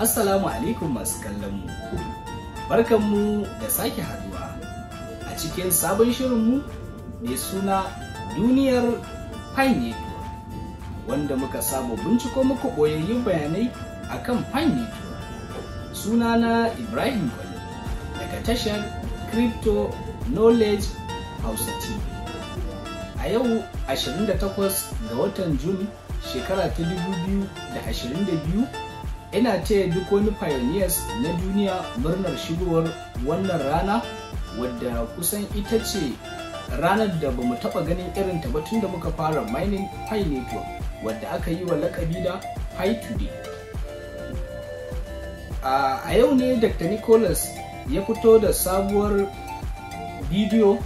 Assalamu alaikum masu kallon mu. Barkan mu da sake haduwa a cikin sabon shirin shirinmu mai suna duniyar Pine wanda muka saba binciko muku ɓoyayyun bayanai akan Pine Suna na Ibrahim Kwale daga tashar Crypto Knowledge Hausa TV. A yau 28 ga watan juni shekara ta 2022 ina ce duk wani pioneers na duniya murnar shigowar wannan rana wadda kusan ita ce ranar da bamu taba ganin irin ta ba tun da muka fara mining pi network wadda aka yi wa lakabi da pi today a yau ne dr nicholas ya fito da sabuwar bidiyo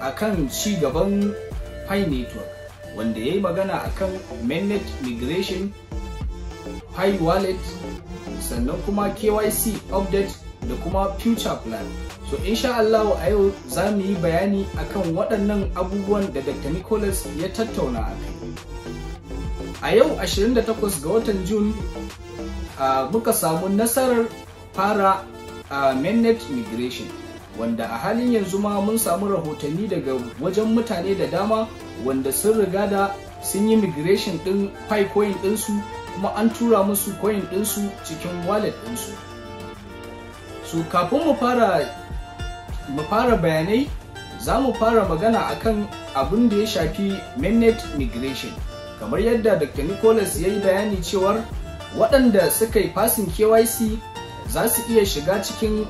akan ci gaban pi network wanda ya yi magana akan mainnet migration pi wallet sannan kuma kyc update da kuma future plan so insha Allah a yau za mu yi bayani akan waɗannan abubuwan da dr nicholas ya tattauna a kai a yau 28 ga watan june muka samu nasarar fara a mainnet migration wanda a halin yanzu ma mun samu rahotanni daga wajen mutane da dama wanda sun riga da sun yi migration ɗin pipecoin ɗinsu kuma an tura musu coin ɗinsu cikin wallet ɗinsu su kafin mu fara bayanai za mu fara magana akan abin da ya shafi mainnet migration kamar yadda dr nicholas ya yi bayani cewar waɗanda suka yi fasin kyc za su iya shiga cikin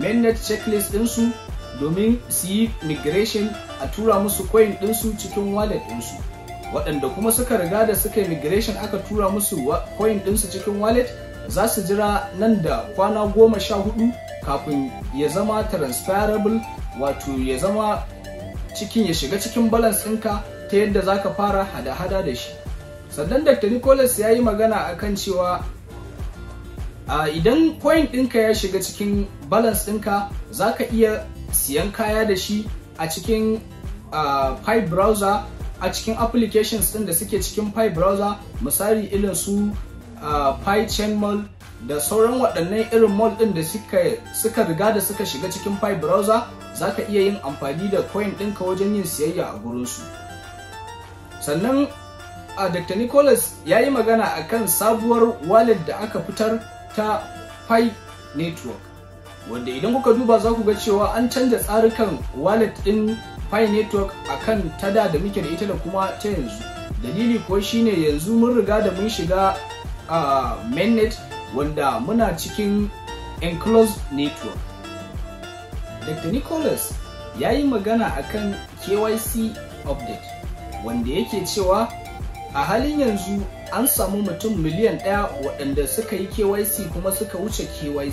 mainnet checklist ɗinsu domin su yi migration a tura musu coin ɗinsu cikin wallet ɗinsu. waɗanda kuma suka riga da suka migration aka tura musu coin ɗinsu cikin wallet za su jira nan da kwana goma sha hudu kafin ya zama transferable wato ya zama cikin ya shiga cikin balance ɗinka ta yadda za ka fara hada-hada da shi sannan dr nicholas ya yi magana akan cewa idan coin ɗinka ya shiga cikin balance ɗinka za ka iya siyan kaya da shi a cikin uh, browser a cikin applications din da suke cikin Pi browser misali irin su a Pi Chain Mall da sauran waɗannan irin mall din da suka riga da suka shiga cikin Pi browser zaka iya yin amfani da coin ɗinka wajen yin siyayya a gurin su sannan a Dr. Nicholas ya yi magana akan sabuwar wallet da aka fitar ta Pi Network wanda idan kuka duba za ku ga cewa an canja tsarukan wallet din. Pi network akan ta da da muke da ita da kuma ta yanzu dalili kuwa shine yanzu mun riga da mun shiga a mainnet wanda muna cikin enclosed network dr nicholas ya yi magana akan kyc update wanda yake cewa a halin yanzu an samu mutum miliyan ɗaya waɗanda suka yi kyc kuma suka wuce kyc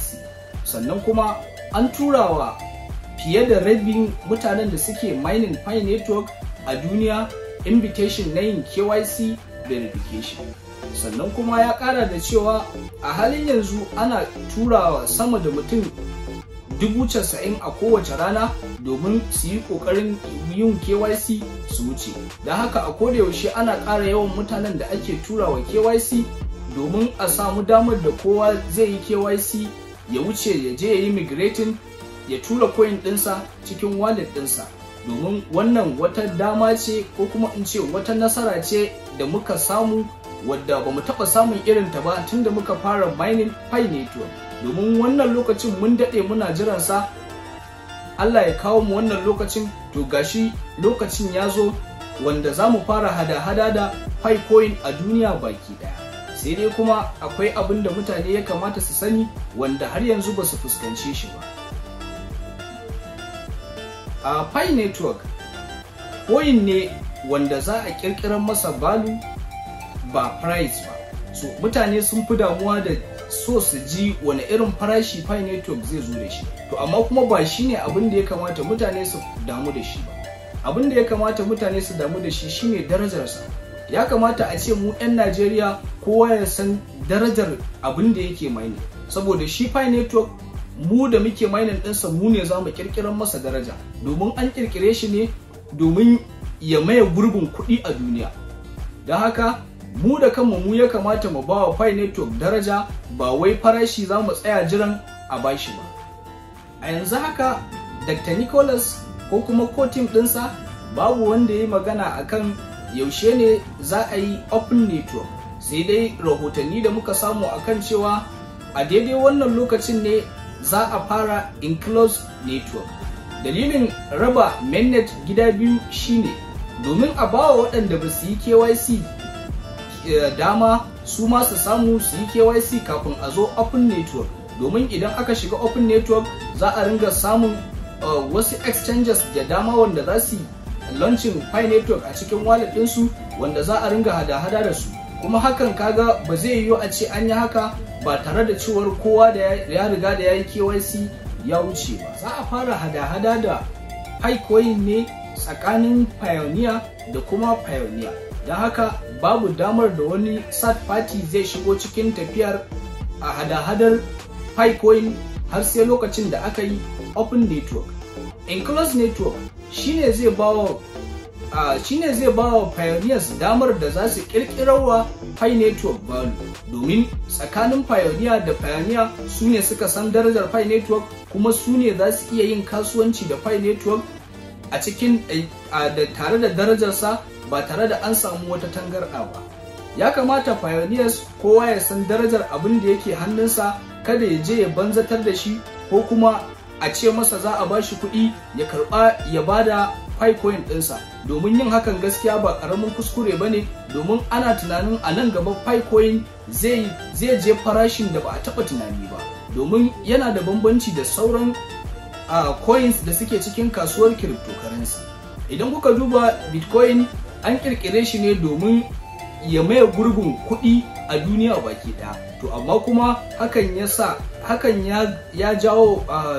sannan kuma an turawa fiye da rabin mutanen da suke mining pi network a duniya invitation na yin kyc verification sannan kuma ya kara da cewa a halin yanzu ana turawa sama da mutum dubu casa'in a kowace rana domin su yi kokarin yin kyc su wuce da haka a yaushe ana kara yawan mutanen da ake turawa kyc domin a samu damar da kowa zai yi kyc ya wuce ya je ya yi migrating ya tura koyin ɗinsa cikin wallet ɗinsa domin wannan wata dama ce ko kuma in ce wata nasara ce da muka samu wadda ba mu taɓa samun irin ta ba tun da muka fara mining pi network domin wannan lokacin mun daɗe muna jiran sa Allah ya kawo mu wannan lokacin to gashi lokacin ya zo wanda za mu fara hada-hada da pi coin a duniya baki ɗaya sai dai kuma akwai abin da mutane ya kamata su sani wanda har yanzu ba su fuskance shi ba a pi network coin ne wanda za a kirkirar masa balu ba price ba so mutane sun fi damuwa da so su ji wani irin farashi pi network zai zo da shi to amma kuma ba shine abin da ya kamata mutane su damu da shi ba abin da ya kamata mutane su damu da shi shine darajarsa ya kamata a ce mu 'yan najeriya kowa ya san darajar abin da yake mai saboda shi pi network mu da muke mainan ɗinsa mu ne za mu ƙirƙirar masa daraja domin an ƙirƙire shi ne domin ya maye gurbin kuɗi a duniya da haka mu da kanmu mu ya kamata mu ba wa Pi Network daraja ba wai farashi za mu tsaya jiran a bashi ba a yanzu haka Dr. Nicholas ko kuma ko team ɗinsa babu wanda ya yi magana akan yaushe ne za a yi open network sai dai rahotanni da muka samu akan cewa a daidai wannan lokacin ne za a fara enclosed network dalilin raba mainnet gida biyu shine domin a ba wa waɗanda ba su yi kyc eh, dama su ma su samu su yi kyc kafin a zo open network domin idan aka shiga open network za a ringa samun eh, wasu exchanges da dama wanda za su launching pi network a cikin wallet ɗinsu wanda za a ringa hada-hada da su kuma hakan kaga ba zai yiwu a ce an yi haka ba tare da cewar kowa da ya riga da ya yi KYC ya wuce ba za a fara hada-hada da haikoyin ne tsakanin pioneer da kuma pioneer don haka babu damar da wani third party zai shigo cikin tafiyar a hada-hadar haikoyin har sai lokacin da aka yi open network enclosed network shine zai bawa shine zai ba wa pioneers damar da za su kirkirarwa high network value domin tsakanin pioneer da pioneer su ne suka san darajar pi network kuma su ne za su iya yin kasuwanci da pi network a cikin eh, da tare da darajarsa ba tare da an samu wata tangarɗa ba ya kamata pioneers kowa ya san darajar abin da yake hannunsa kada ya je ya banzatar da shi ko kuma a ce masa za a bashi kuɗi ya karɓa ya bada Filecoin ɗinsa domin yin hakan gaskiya ba ƙaramin kuskure ba ne domin ana tunanin a nan gaba Filecoin zai je farashin da ba a taɓa tunani ba domin yana da bambanci da sauran uh, coins da suke cikin kasuwar cryptocurrency idan kuka duba bitcoin an ƙirƙire shi ne domin ya maye gurbin kuɗi a duniya baki ɗaya to amma kuma hakan ya sa hakan ya, jawo uh,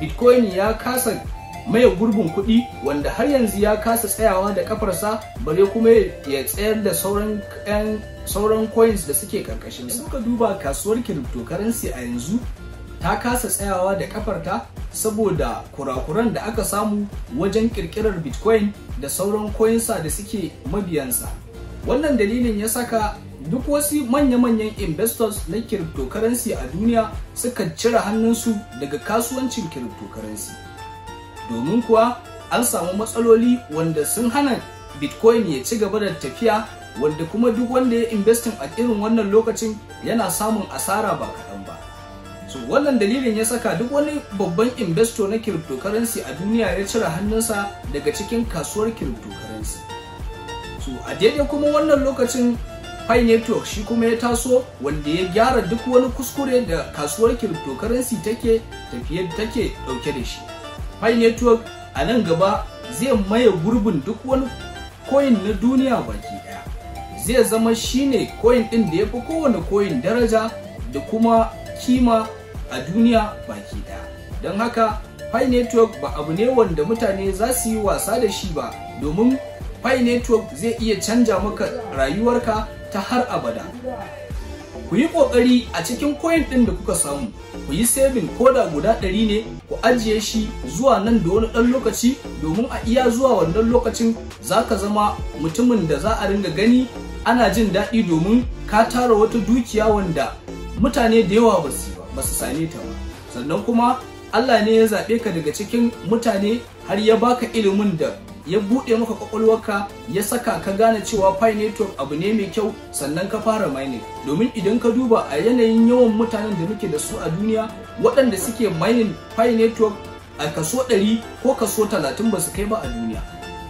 bitcoin ya kasa maye gurbin kuɗi wanda har yanzu ya kasa tsayawa da kafarsa bare kuma ya tsayar da sauran sauran coins da suke karkashin sa suka duba kasuwar cryptocurrency a yanzu ta kasa tsayawa da kafarta saboda kurakuran da aka samu wajen kirkirar bitcoin da sauran coinsa da suke mabiyansa wannan dalilin ya saka duk wasu manya-manyan investors na cryptocurrency a duniya suka cire hannunsu daga kasuwancin cryptocurrency domin kuwa an samu matsaloli wanda sun hana bitcoin ya ci gaba da tafiya wanda kuma duk wanda ya investin a irin wannan lokacin yana samun asara ba kaɗan ba so wannan dalilin ya saka duk wani babban investo na cryptocurrency a duniya ya cire hannunsa daga cikin kasuwar cryptocurrency so a daidai kuma wannan lokacin Pi Network shi kuma ya taso wanda ya gyara duk wani kuskure da kasuwar cryptocurrency take tafiye take dauke da shi Pi Network a nan gaba zai maye gurbin duk wani koyin na duniya baki daya. Zai zama shine koyin din da ya fi kowane koyin daraja da kuma kima a duniya baki daya. Don haka Pi Network ba abu ne wanda mutane za su yi wasa da shi ba domin Pi Network zai iya canja maka rayuwarka ta har abada. ku yi ƙoƙari a cikin koyin ɗin da kuka samu ku yi saving koda guda ɗari ne ku ajiye shi zuwa nan da wani ɗan lokaci domin a iya zuwa wannan lokacin za ka zama mutumin da za a ringa gani ana jin daɗi domin ka tara wata dukiya wanda mutane da yawa ba su ba su same ta ba sannan kuma Allah ne ya zaɓe ka daga cikin mutane har ya baka ilimin da ya buɗe maka kwakwalwarka ya saka ka gane cewa pi network abu ne mai kyau sannan ka fara mining domin idan ka duba a yanayin yawan mutanen da muke da su a duniya waɗanda suke mining pi network a kaso 100 ko kaso 30 ba su kai ba a duniya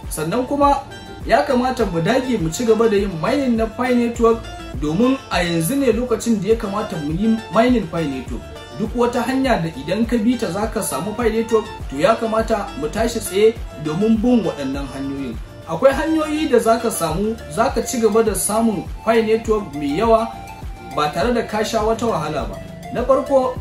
sannan kuma ya kamata mu dage mu ci gaba da yin mining na pi network domin a yanzu ne lokacin da ya kamata mu yi mining pi network duk wata hanya da idan ka bi ta zaka samu pi network to ya kamata mu tashi tsaye domin bin waɗannan hanyoyin akwai hanyoyi da zaka samu zaka ci gaba da samun fai network mai yawa ba tare da ka sha wata wahala ba na farko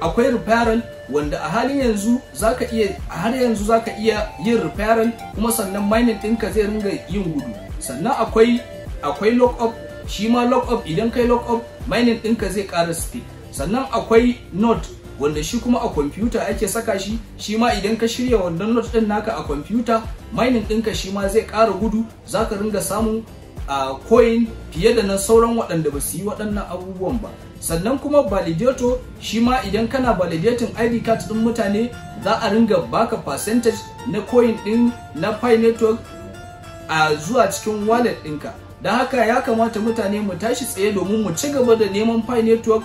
akwai referral wanda a halin yanzu zaka iya har yanzu zaka iya yin referral kuma sannan mining ɗinka zai ringa yin gudu sannan akwai akwai lock up shi ma lock up idan kai lock up mining ɗinka zai ƙara speed sannan akwai note wanda shi kuma a kwamfuta ake saka shi shi ma idan ka shirya wannan note din naka a kwamfuta mining ɗinka shi ma zai ƙara gudu za ka ringa samun a coin fiye da na sauran waɗanda ba su yi waɗannan abubuwan ba sannan kuma validator shi ma idan kana validating id card ɗin mutane za a ringa baka percentage na coin ɗin na pi network a zuwa cikin wallet ɗinka don haka ya kamata mutane mu tashi tsaye domin mu ci gaba da neman pi network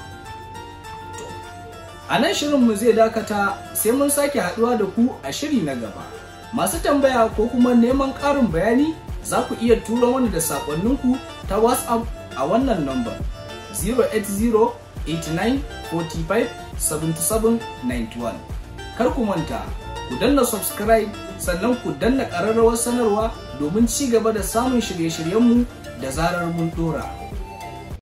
A nan shirinmu zai dakata sai mun sake haduwa da ku a shiri na gaba. Masu tambaya ko kuma neman ƙarin bayani za ku iya tura wani da saƙonninku ta WhatsApp a wannan lambar 080 Kar ku manta, ku danna subscribe sannan ku danna ƙararrawar sanarwa domin ci gaba da samun shirye-shiryenmu da zarar mun ɗora.